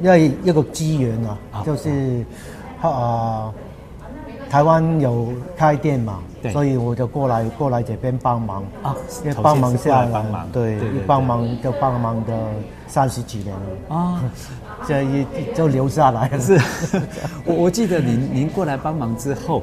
因為一個機緣啊，就是，啊、呃，台灣有開店嘛，對所以我就過來過來這邊幫忙。啊，幫忙下啦，對，幫忙就幫忙咗三十幾年了，啊，這一就留下來，是。我我記得您 您過來幫忙之後。